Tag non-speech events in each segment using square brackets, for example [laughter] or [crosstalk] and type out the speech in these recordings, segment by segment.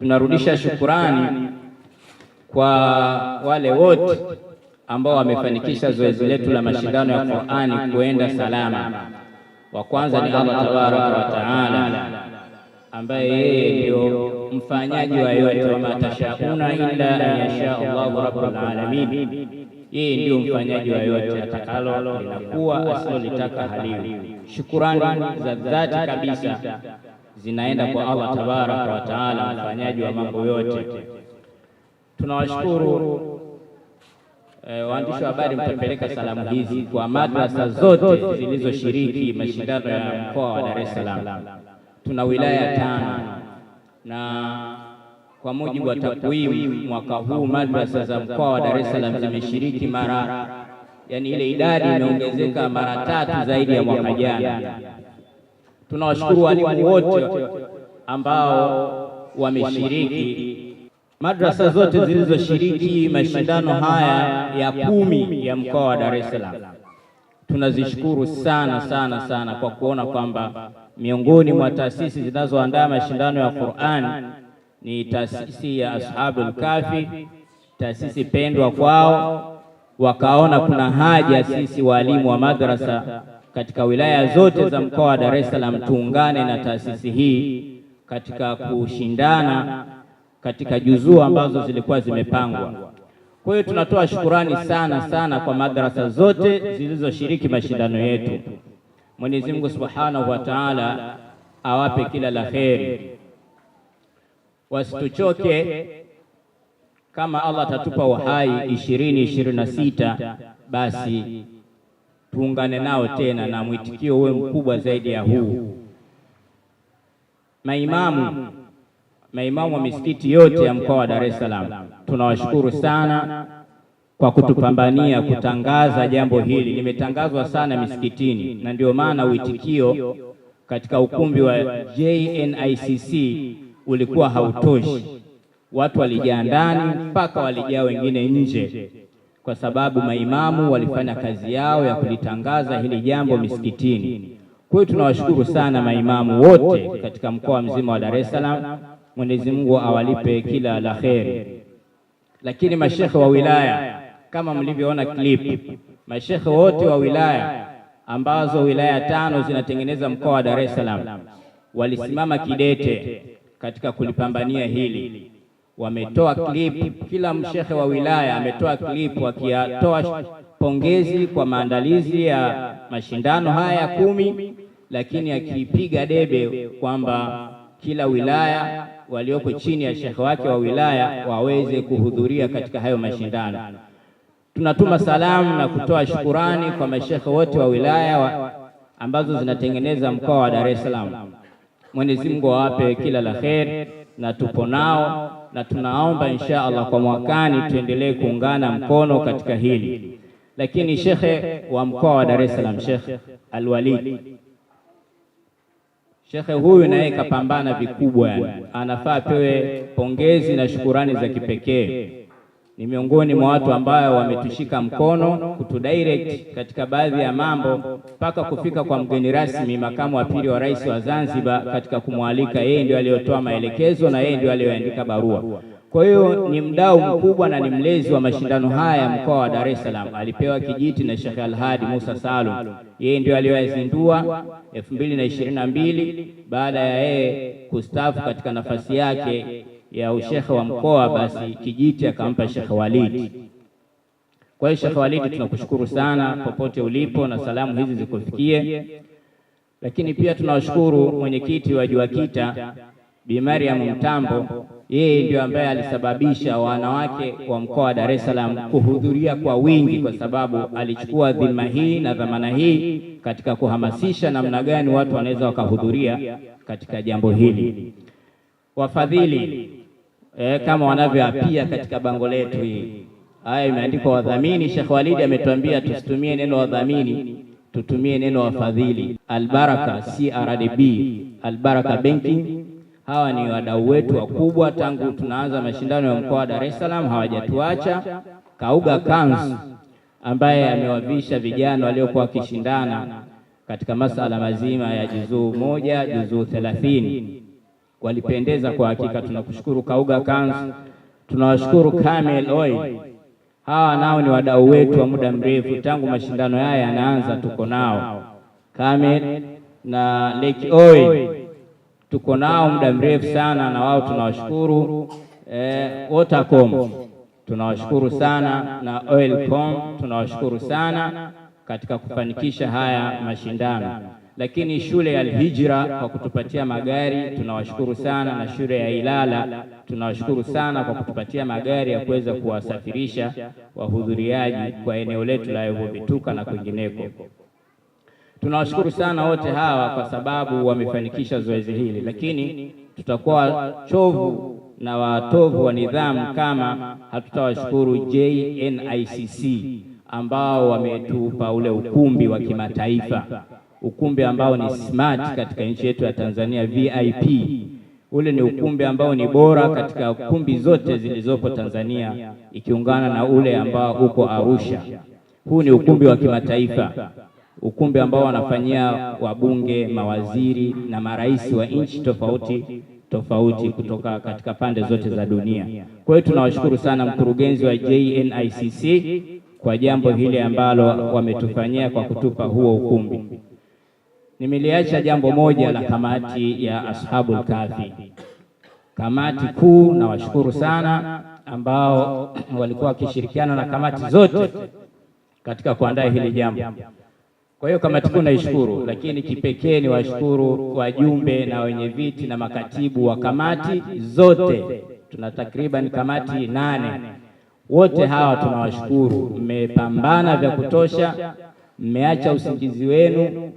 Tunarudisha shukurani kwa wale wote ambao wamefanikisha zoezi letu la mashindano ya Qur'ani kuenda salama. Wa kwanza ni Allah tabaraka wa taala, ambaye yeye ndio mfanyaji wa yote, wama tashauna illa an yasha Allahu rabbul alamin. Yeye ndio mfanyaji wa yote, atakalo linakuwa asilolitaka haliwi. Shukurani za dhati kabisa zinaenda kwa Allah tabaraka wa taala, mfanyaji wa mambo yote. Tunawashukuru eh, waandishi wa habari mtapeleka salamu hizi kwa madrasa zote zilizoshiriki mashindano ya mkoa wa Dar es Salaam. Tuna wilaya tano na kwa mujibu wa takwimu mwaka huu madrasa za mkoa wa Dar es Salaam zimeshiriki mara, yani ile idadi imeongezeka mara tatu zaidi ya mwaka jana. Tunawashukuru walimu wote ambao wameshiriki, madrasa zote zilizoshiriki mashindano haya ya kumi ya mkoa wa Dar es Salaam. Tunazishukuru sana sana sana kwa kuona kwamba miongoni mwa taasisi zinazoandaa mashindano ya Qur'an ni taasisi ya Ashabul Kahfi, taasisi pendwa kwao, wakaona kuna haja sisi walimu wa madrasa katika wilaya zote za mkoa wa Dar es Salaam tuungane na taasisi hii katika kushindana katika juzuu ambazo zilikuwa zimepangwa. Kwa hiyo tunatoa shukurani sana sana kwa madrasa zote zilizoshiriki mashindano yetu. Mwenyezi Mungu Subhanahu wa Ta'ala awape kila la heri wasituchoke. Kama Allah atatupa uhai ishirini ishirini na sita basi tuungane nao tena na mwitikio uwe mkubwa zaidi ya huu. Maimamu, maimamu wa misikiti yote ya mkoa wa Dar es Salaam, tunawashukuru sana kwa kutupambania kutangaza jambo hili. Limetangazwa sana misikitini, na ndio maana uitikio katika ukumbi wa JNICC ulikuwa hautoshi. Watu walijaa ndani mpaka walijaa wengine nje kwa sababu maimamu walifanya kazi yao ya kulitangaza hili jambo misikitini. Kwa hiyo tunawashukuru sana maimamu wote katika mkoa mzima wa Dar es Salaam. Mwenyezi Mungu awalipe kila la kheri. Lakini mashekhe wa wilaya kama mlivyoona clip, mashekhe wote wa wilaya ambazo wilaya tano zinatengeneza mkoa wa Dar es Salaam walisimama kidete katika kulipambania hili wametoa clip, kila mshehe wa wilaya ametoa clip wakiyatoa pongezi kwa maandalizi ya mashindano haya kumi, lakini akiipiga debe kwamba kila wilaya walioko chini ya shekhe wake wa wilaya waweze kuhudhuria katika hayo mashindano. Tunatuma salamu na kutoa shukurani kwa mashekhe wote wa wilaya wa ambazo zinatengeneza mkoa wa Dar es Salaam. Mwenyezi Mungu awape kila la heri na tupo nao na tunaomba insha Allah kwa mwakani tuendelee kuungana mkono katika hili. Lakini shekhe wa mkoa wa Dar es Salaam, Shekhe Alwalid, shekhe huyu naye kapambana vikubwa, yani anafaa pewe pongezi na shukurani za kipekee ni miongoni mwa watu ambao wametushika mkono kutudirect katika baadhi ya mambo mpaka kufika kwa mgeni rasmi, makamu wa pili wa rais wa Zanzibar, katika kumwalika. Yeye ndio aliyotoa maelekezo na yeye ndio aliyoandika barua. Kwa hiyo ni mdau mkubwa na ni mlezi wa mashindano haya mkoa wa Dar es Salaam. Alipewa kijiti na Sheikh Alhadi Musa Salum, yeye ndio aliyoyazindua 2022 baada ya yeye kustaafu katika nafasi yake ya ushekhe wa mkoa, basi kijiti akampa Shekhe Walidi. Kwa hiyo Shekhe Walidi, tunakushukuru sana popote ulipo, na salamu hizi zikufikie. Lakini pia tunawashukuru mwenyekiti wa JUAKITA Bi Mariam Mtambo, yeye ndio ambaye alisababisha wanawake wa mkoa wa Dar es Salaam kuhudhuria kwa wingi, kwa sababu alichukua dhima hii na dhamana hii katika kuhamasisha namna gani watu wanaweza wakahudhuria katika jambo hili. Wafadhili e, kama wanavyoapia katika bango letu hili. Haya imeandikwa wadhamini. Sheikh Walidi ametuambia tusitumie neno wadhamini, tutumie neno wafadhili. Albaraka CRDB, Albaraka Banking, hawa ni wadau wetu wakubwa. Tangu tunaanza mashindano ya mkoa wa Dar es Salaam hawajatuacha. Kauga Kans ambaye amewavisha vijana waliokuwa wakishindana katika masala mazima ya juzuu moja, juzuu thelathini walipendeza kwa hakika. Tunakushukuru Kauga Kans, tunawashukuru Kamel Oil. Hawa nao ni wadau wetu wa muda mrefu, tangu mashindano haya yanaanza tuko nao. Kamel na Lake Oil tuko nao muda mrefu sana, na wao tunawashukuru. Eh, Watercom tunawashukuru sana na Oilcom tunawashukuru sana katika kufanikisha haya mashindano lakini shule ya Alhijra kwa kutupatia magari tunawashukuru sana, na shule ya Ilala tunawashukuru sana kwa kutupatia magari ya kuweza kuwasafirisha wahudhuriaji kwa eneo letu la Yovituka na kwingineko. Tunawashukuru sana wote hawa kwa sababu wamefanikisha zoezi hili, lakini tutakuwa chovu na watovu wa nidhamu kama hatutawashukuru JNICC ambao wametupa ule ukumbi wa kimataifa ukumbi ambao ni smart katika nchi yetu ya Tanzania VIP. Ule ni ukumbi ambao ni bora katika kumbi zote zilizopo Tanzania ikiungana na ule ambao uko Arusha. Huu ni ukumbi wa kimataifa, ukumbi ambao wanafanyia wabunge, mawaziri na marais wa nchi tofauti tofauti kutoka katika pande zote za dunia. Kwa hiyo tunawashukuru sana mkurugenzi wa JNICC kwa jambo hili ambalo wametufanyia kwa kutupa huo ukumbi nimeliacha jambo moja la kamati ya Ashabul Kahfi, kamati kuu. Nawashukuru sana ambao [clears throat] walikuwa wakishirikiana na kamati zote katika kuandaa hili jambo. Kwa hiyo kamati kuu naishukuru, lakini kipekee ni washukuru wajumbe na wenye viti na makatibu wa kamati zote. Tuna takriban kamati nane. Wote hawa tunawashukuru, mmepambana vya kutosha, mmeacha usingizi wenu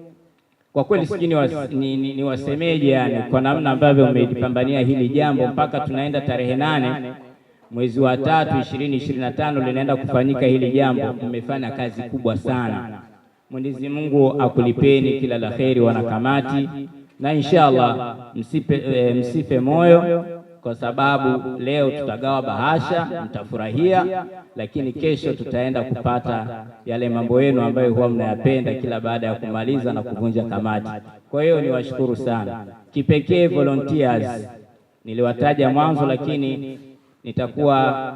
kwa kweli sijui ni, was, ni, ni, ni wasemeje yani kwa namna ambavyo umejipambania hili jambo mpaka tunaenda tarehe nane mwezi wa tatu ishirini ishirini na tano linaenda kufanyika hili jambo. umefanya kazi kubwa sana. Mwenyezi Mungu akulipeni kila la kheri, wanakamati, na inshallah msipe, eh, eh, e, msife moyo kwa sababu leo tutagawa bahasha, mtafurahia, lakini kesho tutaenda kupata yale mambo yenu ambayo huwa mnayapenda kila baada ya kumaliza na kuvunja kamati. Kwa hiyo niwashukuru sana kipekee volunteers, niliwataja mwanzo, lakini nitakuwa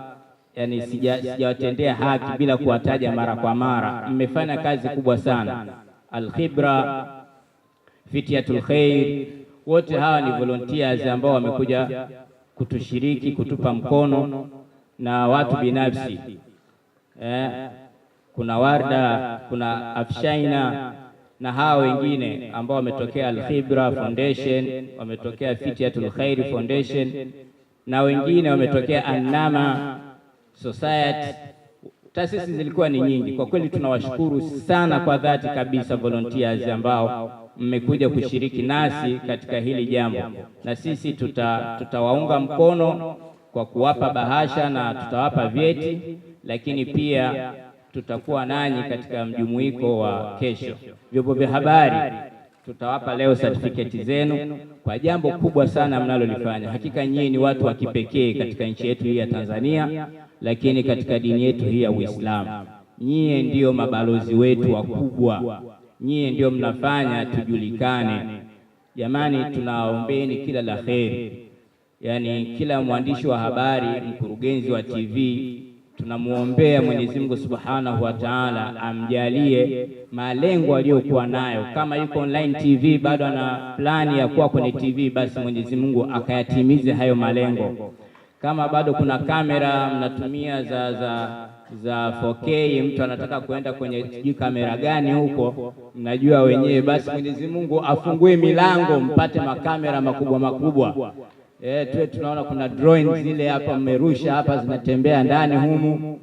yani sijawatendea sija haki bila kuwataja mara kwa mara. Mmefanya kazi kubwa sana, Alkhibra, Fitiatul Khair, wote hawa ni volunteers ambao wamekuja kutushiriki, kutupa mkono na watu binafsi eh, kuna Warda, kuna Afshaina na hawa wengine ambao wametokea Alkhibra Foundation, wametokea Fitiatul Khairi Foundation na wengine wametokea Annama Society Taasisi zilikuwa ni nyingi kwa kweli, tunawashukuru sana kwa dhati kabisa volunteers ambao mmekuja kushiriki nasi katika hili jambo, na sisi tuta, tutawaunga mkono kwa kuwapa bahasha na tutawapa vyeti, lakini pia tutakuwa nanyi katika mjumuiko wa kesho. Vyombo vya habari tutawapa leo certificate zenu kwa jambo kubwa sana mnalolifanya. Hakika nyinyi ni watu wa kipekee katika nchi yetu hii ya Tanzania lakini katika dini yetu hii ya Uislamu, nyie ndiyo mabalozi wetu wakubwa, nyie ndiyo mnafanya tujulikane. Jamani, tunaombeni kila la kheri. Yaani, yaani kila mwandishi wa habari, mkurugenzi wa TV tunamwombea Mwenyezi Mungu Subhanahu wa Ta'ala amjalie malengo aliyokuwa nayo. Kama yuko online TV bado ana plani ya kuwa kwenye TV, basi Mwenyezi Mungu akayatimize hayo malengo. Kama bado kuna kamera mnatumia za za za 4K, mtu anataka kuenda kwenye sijui kamera gani huko, mnajua wenyewe. Basi Mwenyezi Mungu afungue milango mpate makamera makubwa makubwa. Eh, tuwe tunaona kuna drawing zile hapa mmerusha hapa zinatembea ndani humu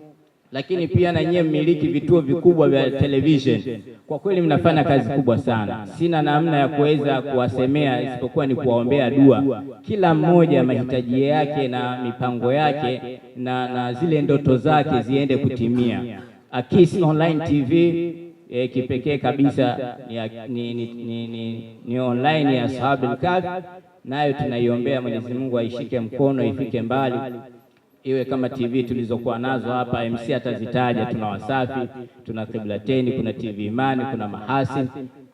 lakini pia na nyie mmiliki vituo vikubwa vya television, kwa kweli mnafanya kazi kubwa sana. Sina namna ya kuweza kuwasemea isipokuwa ni kuwaombea dua, kila mmoja mahitaji yake na mipango yake na, na zile ndoto zake ziende kutimia. Akis Online TV E, eh, eh, kipekee kabisa ni, ni, ni, ni, ni online ya Ashabul Kahfi, nayo tunaiombea Mwenyezi Mungu aishike mkono ifike mbali iwe kama TV tulizokuwa nazo hapa, MC atazitaja. Tuna Wasafi, tuna Kiblateni, kuna TV Imani, kuna Mahasin,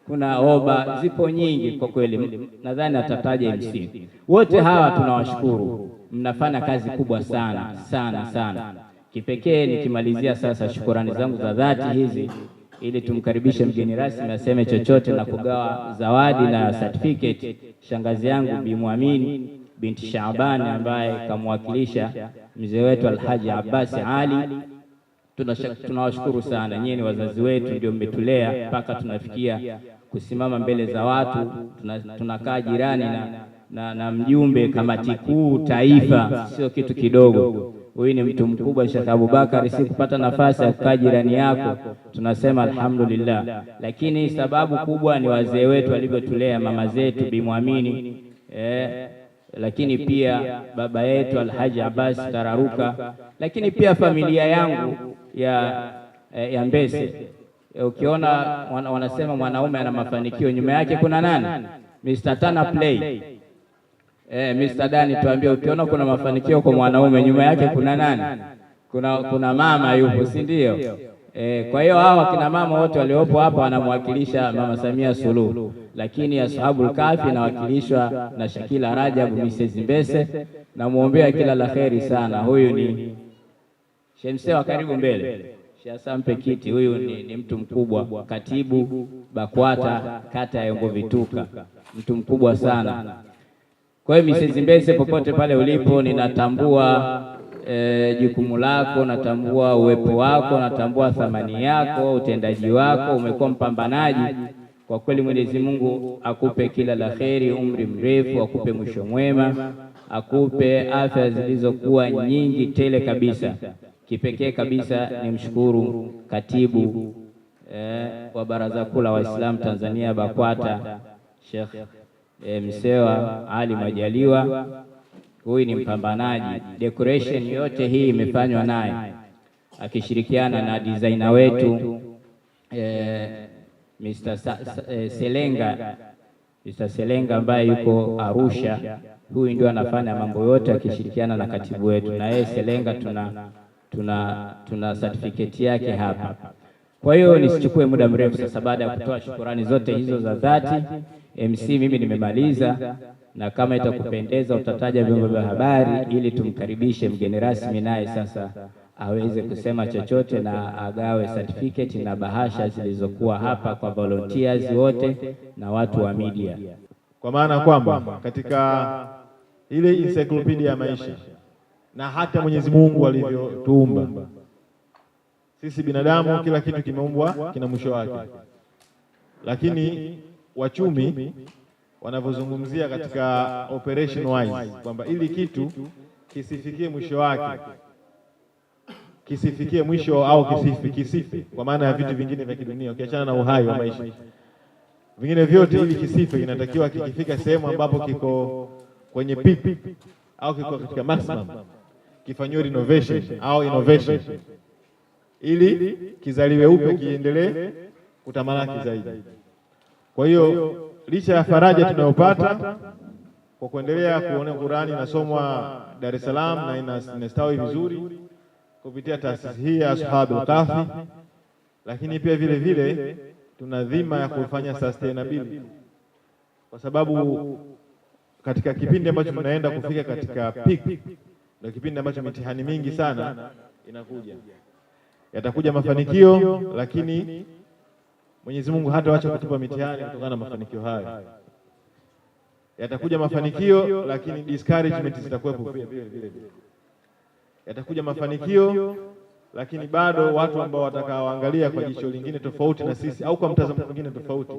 kuna Oba, zipo nyingi kwa kweli, nadhani atataja MC. Wote hawa tunawashukuru, mnafanya kazi kubwa sana sana sana. Kipekee nikimalizia sasa, shukurani zangu za dhati hizi, ili tumkaribishe mgeni rasmi aseme chochote na kugawa zawadi na certificate, shangazi yangu Bi Mwamini binti Shaabani ambaye kamwakilisha mzee wetu Alhaji Abbas Ali. Tunawashukuru sana, nyinyi ni wazazi wetu, ndio mmetulea mpaka tunafikia kusimama mbele za watu. Tunakaa jirani na, na, na mjumbe kamati kuu taifa, sio kitu kidogo. Huyu ni mtu mkubwa Sheikh Abubakar. Si kupata nafasi ya kukaa jirani yako, tunasema alhamdulillah, lakini sababu kubwa ni wazee wetu walivyotulea, mama zetu bimwamini eh, lakini pia baba yetu Alhaji Abbas Tararuka, lakini pia familia yangu ya, ya eh, Mbese. Eh, ukiona wanasema mwanaume ana mafanikio, nyuma yake kuna nani? Mr. Tana Play. Eh, eh Mr. Dani tuambie, ukiona kuna mafanikio kwa mwanaume, nyuma yake kuna nani? Kuna, kuna mama yupo, si ndio? E, kwa hiyo hawa kina mama wote waliopo hapa wanamwakilisha Mama Samia Suluhu, lakini Ashabul Kahfi inawakilishwa na Shakila Rajabu Mrs. Mbese. Namwombea kila la kheri sana. Huyu ni Shemse wa karibu mbele, shasampe kiti. Huyu ni, ni mtu mkubwa, katibu BAKWATA kata ya Vituka, mtu mkubwa sana. Kwa hiyo Mrs. Mbese, popote pale ulipo, ninatambua e, jukumu lako, natambua uwepo wako, natambua thamani yako, utendaji wako. Umekuwa mpambanaji kwa kweli. Mwenyezi Mungu akupe kila la kheri, umri mrefu, akupe mwisho mwema, akupe afya zilizokuwa nyingi tele kabisa. Kipekee kabisa ni mshukuru katibu eh, wa Baraza Kuu la Waislamu Tanzania BAKWATA Sheikh eh, Msewa Ali Majaliwa Huyu ni mpambanaji. Decoration yote hii imefanywa naye akishirikiana na designer wetu eh, Mr. Sa eh, Selenga Mr. Selenga ambaye yuko Arusha. Huyu ndio anafanya mambo yote akishirikiana na katibu wetu, na yeye Selenga tuna tuna tuna certificate yake hapa. Kwa hiyo nisichukue muda mrefu sasa, baada ya kutoa shukurani zote hizo za dhati, MC mimi nimemaliza na kama itakupendeza utataja vyombo vya habari ili tumkaribishe mgeni rasmi, naye sasa aweze kusema chochote na agawe certificate na bahasha zilizokuwa hapa kwa volunteers wote na watu wa media, kwa maana kwamba katika ile encyclopedia ya maisha na hata Mwenyezi Mungu alivyotuumba sisi binadamu, kila kitu kimeumbwa kina mwisho wake, lakini wachumi wanavyozungumzia katika operation wise kwamba ili kitu kisifikie mwisho wake kisifikie mwisho au kisifi, kisife kwa maana ya vitu vingine vya kidunia, ukiachana na uhai wa maisha, vingine vyote ili kisife, inatakiwa kikifika sehemu ambapo kiko kwenye peak au kiko katika maximum, kifanyiwe renovation au innovation, ili kizaliwe upya, kiendelee kutamalaki zaidi. Kwa hiyo licha ya faraja tunayopata kwa kuendelea kuona Qur'ani inasomwa Dar es Salaam na inastawi vizuri kupitia taasisi hii ya Ashabul Kahfi, lakini pia vile vile tuna dhima ya kufanya sustainability, kwa sababu katika kipindi ambacho tunaenda kufika katika peak na kipindi ambacho mitihani mingi sana inakuja, yatakuja mafanikio lakini Mwenyezi Mungu wacha kutupa mitihani kutokana na mafanikio hayo. Yatakuja mafanikio lakini discouragement zitakuwepo pia vile vile. Yatakuja mafanikio lakini bado watu ambao watakaoangalia kwa jicho lingine tofauti na sisi au kwa mtazamo mwingine tofauti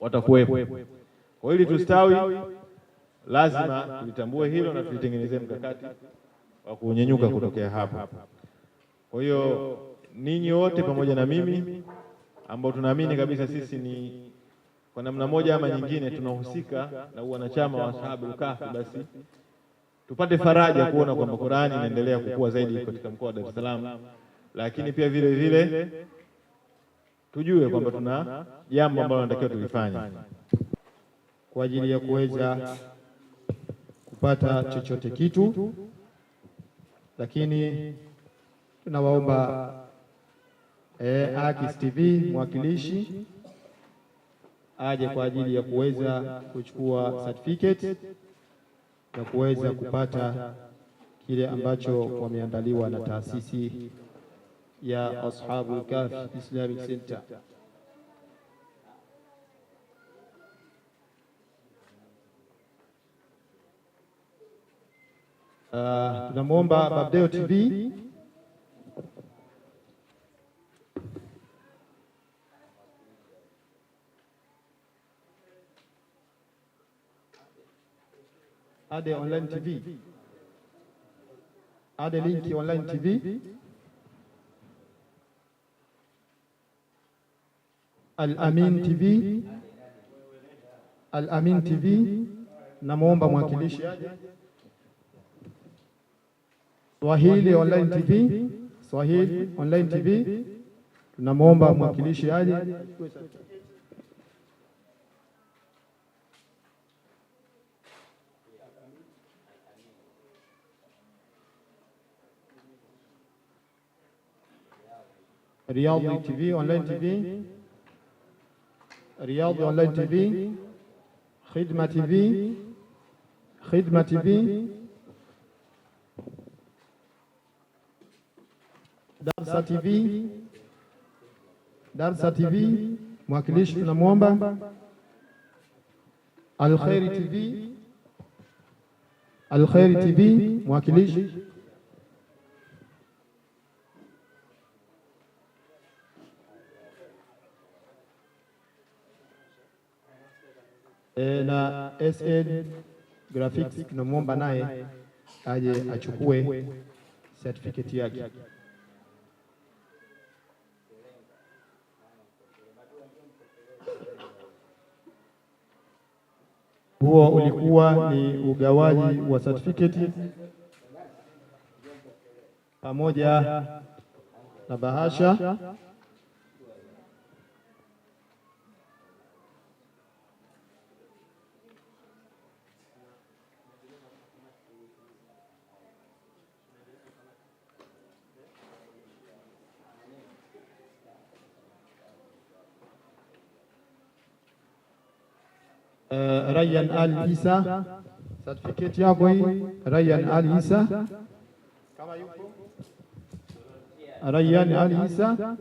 watakuwepo. Kwa hili tustawi, lazima tulitambue hilo na tulitengenezee mkakati wa kunyenyuka kutokea hapa. Kwa hiyo ninyi wote pamoja na mimi ambao tunaamini kabisa sisi ni kwa namna moja ama nyingine tunahusika na wanachama wa Ashabul Kahfi, basi tupate faraja kuona kwamba Qur'ani inaendelea kukua zaidi katika mkoa wa Dar es Salaam, lakini pia vile vile tujue kwamba tuna jambo ambalo tunatakiwa tulifanye kwa ajili ya kuweza kupata chochote kitu, lakini tunawaomba E, Akis TV mwakilishi aje kwa ajili ya kuweza kuchukua certificate na kuweza kupata kile ambacho wameandaliwa na taasisi ya Ashabu Kahfi Islamic Center. Uh, tunamwomba Babdeo TV Ade Online TV, Ade Linki Online TV, Al Amin TV, Al Amin TV. Namwomba mwakilishi Swahili Online TV, Swahili Online TV, tunamwomba mwakilishi aje. Riyadhi TV Online TV, Riyadhi Online TV, Khidma TV, Khidma TV, Darsa TV, Darsa TV, mwakilishi tunamwomba Alkhairi TV, Alkhairi TV, mwakilishi e, na SN Graphics tunamwomba naye aje achukue certificate yake. Huo ulikuwa ni ugawaji wa certificate pamoja na bahasha. Rayyan Ali Isa, certificate yako hii Rayyan Ali Isa, kama yuko Rayyan Ali Isa,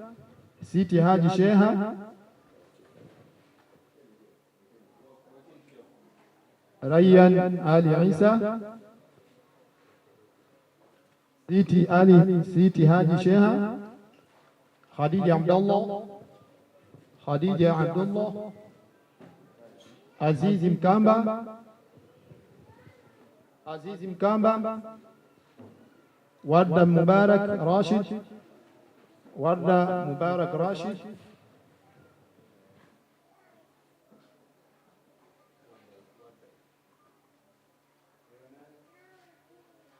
Siti Haji Sheha, Rayyan Ali Isa, Siti Ali Siti Haji Sheha, Khadija Abdullah, Khadija Abdullah Azizi Mkamba, Azizi Mkamba, Warda Mubarak Rashid, Warda Mubarak Rashid.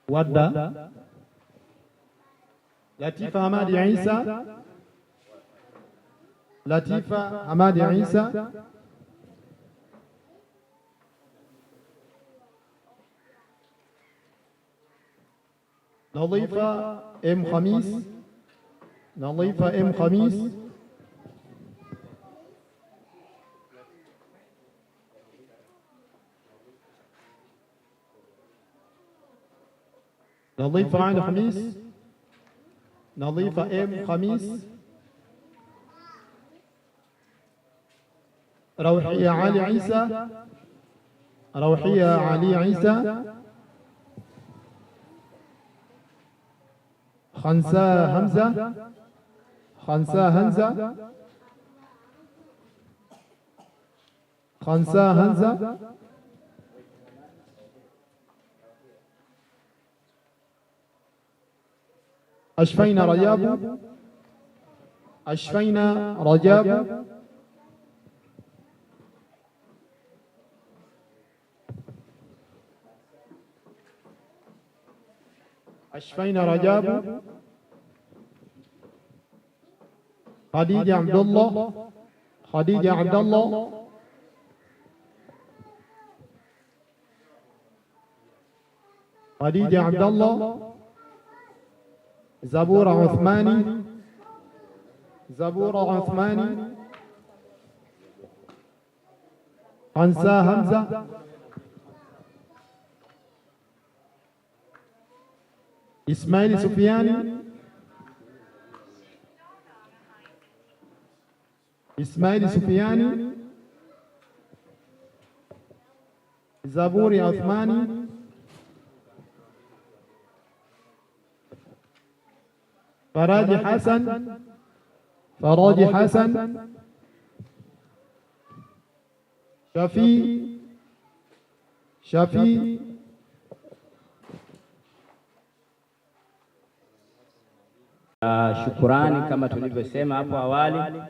Warda Latifa Hamadi Isa Latifa Hamadi Isa نظيفة أم خميس نظيفة أم خميس نظيفة عين خميس نظيفة أم خميس روحية علي عيسى روحية علي عيسى خنسا همزة خنسا همزة خنسا همزة أشفينا رجاب أشفينا رجاب أشفينا رجاب خديجة عبد الله خديجة عبد الله خديجة عبد الله زبور عثماني زبور عثماني أنسى همزة إسماعيل سفيان إسماعيل سفيان زبوري عثماني فراج حسن فراج حسن شفي شفي Uh, shukurani kama tulivyosema hapo awali,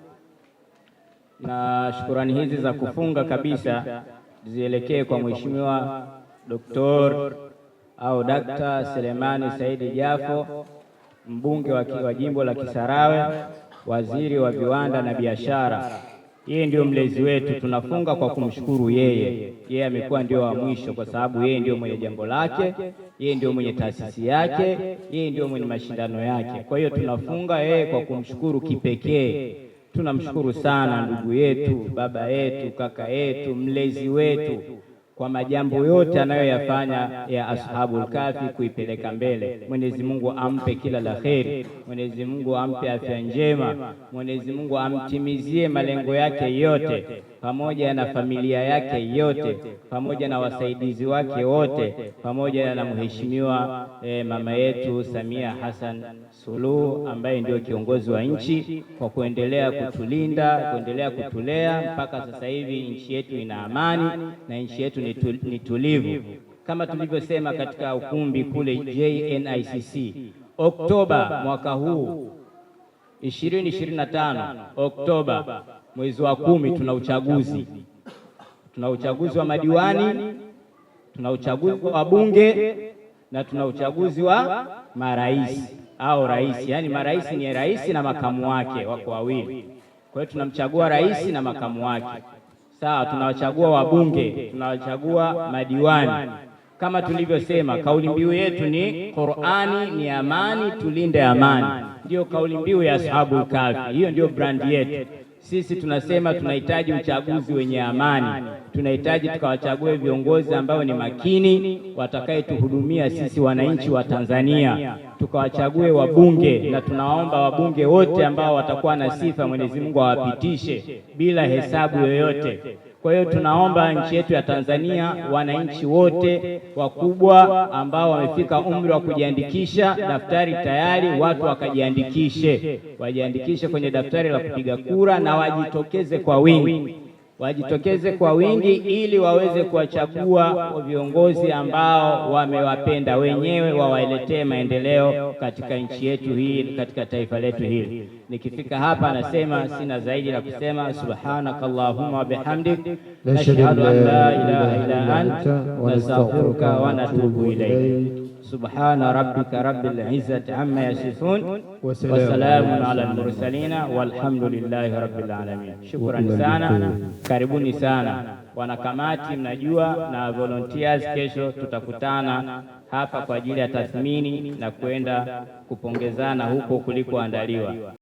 na shukurani hizi za kufunga kabisa zielekee kwa Mheshimiwa Doktor au Dakta Selemani Saidi Jafo, mbunge wa jimbo la Kisarawe, waziri wa viwanda na biashara yeye ndiyo mlezi wetu, tunafunga kwa kumshukuru yeye. Yeye amekuwa ndio wa mwisho, kwa sababu yeye ndiyo mwenye jambo lake, yeye ndio mwenye taasisi yake, yeye ndio mwenye mashindano yake. Kwa hiyo tunafunga yeye kwa kumshukuru kipekee. Tunamshukuru sana ndugu yetu, baba yetu, kaka yetu, mlezi wetu kwa majambo yote anayoyafanya ya Ashabul Kahfi kuipeleka mbele. Mwenyezi Mungu ampe kila la kheri, Mwenyezi Mungu ampe afya njema, Mwenyezi Mungu amtimizie malengo yake yote pamoja na familia yake yote pamoja na wasaidizi wake wote pamoja na mheshimiwa eh, eh, mama yetu Samia Hassan Suluhu ambaye ndio kiongozi wa nchi kwa kuendelea kutulinda, kuendelea kutulea mpaka sasa hivi nchi yetu ina amani na nchi yetu ni tulivu. Kama tulivyosema katika ukumbi kule JNICC, Oktoba mwaka huu 2025 Oktoba mwezi wa kumi tuna uchaguzi, tuna uchaguzi wa madiwani, tuna uchaguzi wa bunge na tuna uchaguzi wa marais au rais, yaani marais ni rais na makamu wake wako wawili. Kwa hiyo tunamchagua rais na makamu wake, sawa. Tunawachagua wabunge, tunawachagua madiwani. Kama tulivyosema, kauli mbiu yetu ni Qur'ani ni amani, tulinde amani. Ndiyo kauli mbiu ya Ashabul Kahfi, hiyo ndiyo brandi yetu. Sisi tunasema tunahitaji uchaguzi wenye amani, tunahitaji tukawachague viongozi ambao ni makini, watakayetuhudumia sisi wananchi wa Tanzania, tukawachague wabunge, na tunawaomba wabunge wote ambao watakuwa na sifa, Mwenyezi Mungu awapitishe bila hesabu yoyote. Kwa hiyo tunaomba nchi yetu ya Tanzania, wananchi wote wakubwa ambao wamefika umri wa kujiandikisha daftari tayari, watu wakajiandikishe, wajiandikishe kwenye daftari la kupiga kura na wajitokeze kwa wingi wajitokeze kwa wingi ili waweze kuwachagua viongozi ambao wamewapenda wenyewe, wawaletee maendeleo katika nchi yetu hii, katika taifa letu hili. Nikifika hapa nasema sina zaidi la kusema, subhanaka allahumma wabihamdik nashhadu an la ilaha illa anta nastaghfiruka wa natubu ilayk subhana rabbika rabbil izzati amma yasifun wasalamun salamun ala mursalina walhamdulillahi rabbil alamin. Shukrani sana, karibuni sana wanakamati, mnajua na volunteers. Kesho tutakutana hapa kwa ajili ya tathmini na kwenda kupongezana huko kulikoandaliwa.